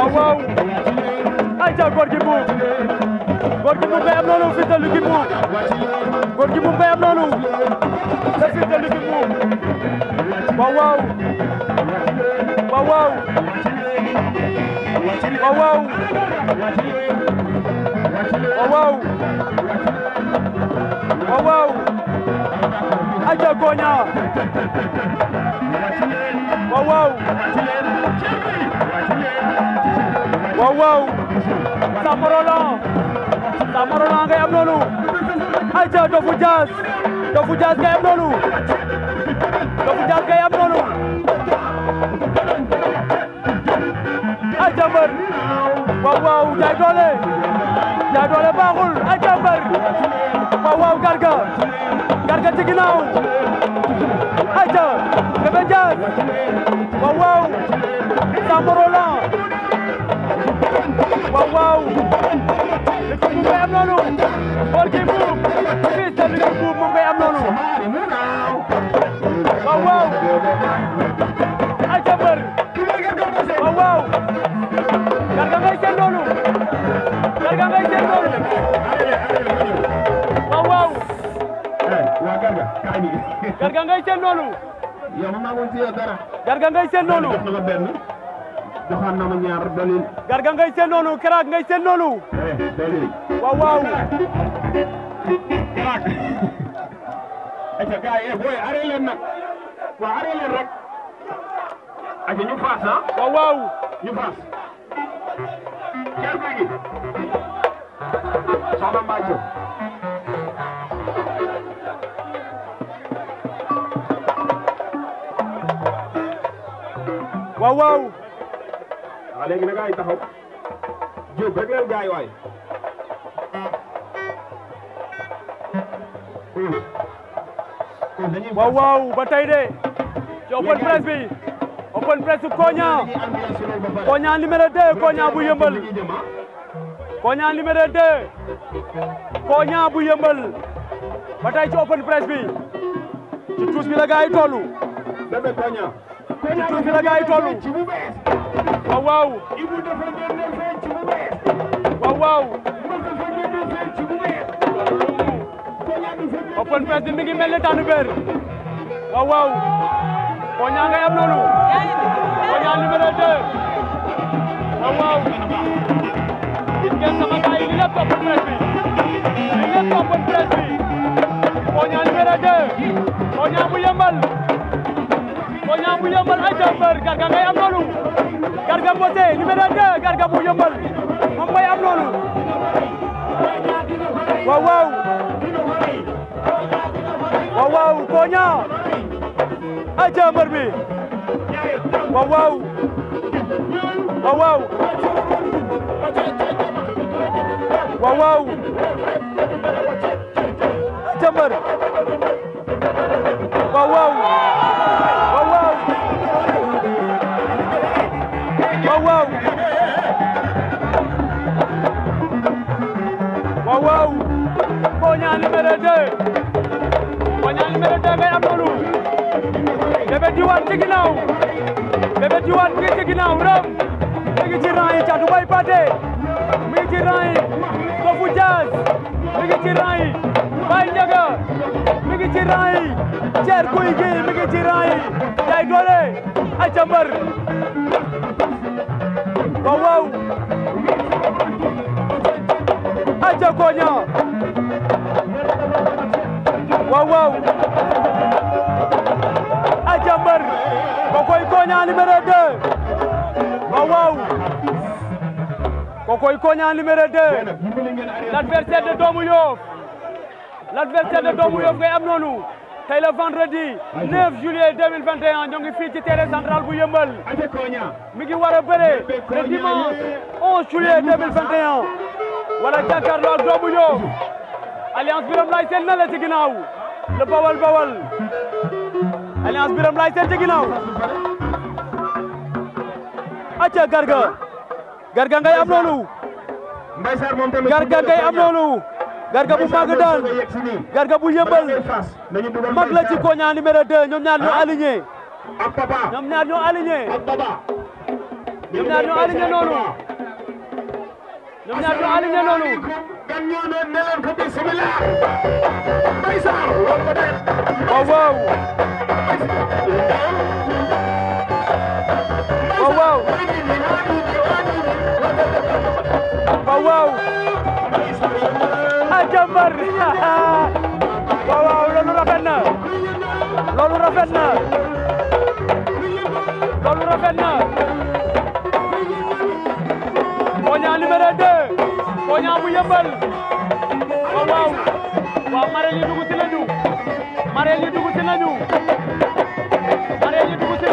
waaw waaw ay ca góor gi buub góor gi buub ngay am noonu fils de Lucky Mbuub góor gi buub ngay am noonu sa fils de Lucky Mbuub waaw waaw waaw waaw waaw waaw waaw waaw waaw waaw ay ca gooña waaw waaw waaw waaw Samba Roland Samba Roland ngay noonu ayca Doffou Diaz Doffou Diaz ngay am noonu Doffou Diaz ngay am noonu ayca mbër waaw jaay doole jaay doole baaxul ayca mbër waaw garga garga ci ginnaaw ayca Bébé garga ngay seen loolu. yow maa ngi ciy garga ngay seen loolu. jox na ma benn garga ngay seen loolu keraak ngay seen loolu. dolil. aca gars yi eh, booy aree leen nag waaw aree leen rek aca ñu faas ah waaw waaw ñu faas kerbe gi soxna Mbacke waaw waaw waaw léegi na gars yi taxaw Diop rek leen gars yi waay hmm. waaw waaw ba tey de ci open press bi open press Kogna Kogna numéro 2 Kogna bu yëmbal Kogna numéro 2 Kogna bu yëmbal ba ci open press bi ci tuus bi la gaa yi tollu ci open press bi mi ngi mel ni tànn beer waaw waaw Boña ngay am loolu Boña numéro 2 waaw waaw gis ngeen sama gars yi li lépp open press bi li lépp open press bi Boña numéro 2 Boña bu yëmbal Boña bu yëmbal ay jàmbar Garga ngay am loolu Garga Mbossé numéro 2 Garga bu yëmbal moom mooy am waaw waaw Konia ay ca mbër bi waaw waaw numéro 2 Wagnane numéro 2 ngay am loolu Bébé Diwane ci ginnaaw Bébé Diwane mi ngi ci ginnaaw rëm mi ngi ci rang yi mi ngi ci rang mi ngi ci rang mi ngi ci rang yi mi ngi ci rang yi Yaay Doole ay jàmbar kokoy Kognan numéro 2 l'adversaire de Domou l'adversaire de Domou Yoff ngay am le vendredi 9 juillet 2021 Donc il fit ci terrain central bu yëmbal mi le dimanche 11 juillet 2021 Voilà, jàkkaarloo ak alliance Birame Laye c'est na la le bawal bawal alliance Birame Laye Sène ci Acha acca garga Garga ngay am loolu. Garga ngay am loolu. Garga bu mag daal Garga ah. ñaar ñoo aligné. ñoom ñaar ñaar ñoo aligné noonu. ñoom mbër loolu rafet na loolu rafet na loolu rafet na Poña numéro 2 Poña bu yëmbal oh, waaw waaw waaw mareel yi dugg si nañu mareel yi dugg si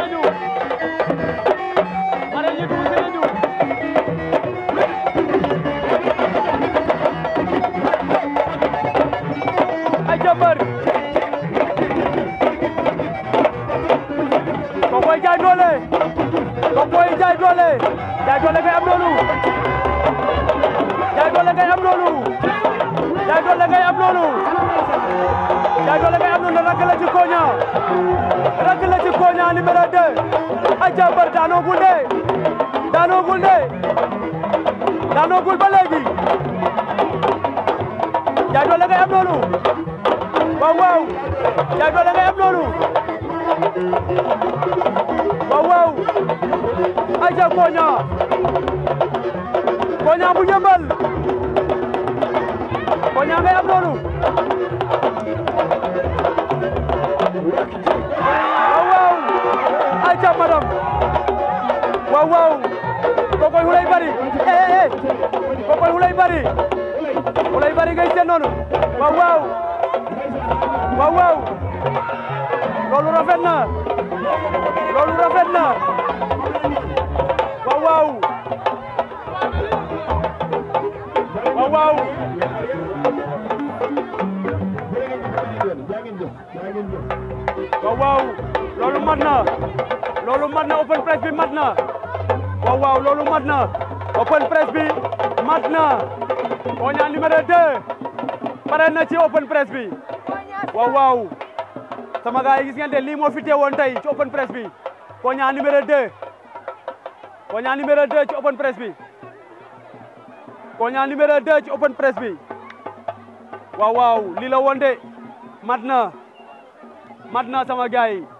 loolu jaay doole ngay am loolu jaay doole ngay am loolu jaay doole ngay am loolu rakk la ci Konia rakk la ci Konia numéro 2 Adja Bar daanoogul de daanoogul de daanoogul ba léegi jaay doole ngay am loolu waaw waaw jaay doole ngay am loolu waaw waaw aca koña koña bu jëmbal koña ngay noonu waaw waaw aca madam waaw waaw bari eh eh, eh. kokoy wulay bari wulay bari ngay seen noonu waaw waaw loolu rafet na loolu rafet na waaw loolu mat na loolu mat na open press mat na waaw loolu mat na open press mat na Onia numéro 2 pare na ci open press bi sama gars yi gis ngeen te lii moo fi teewoon tey ci open press bi Kogna numéro 2 Kogna numéro ci open press bi Kogna numéro 2 ci open press bi waaw lii la woon mat na mat na sama gars yi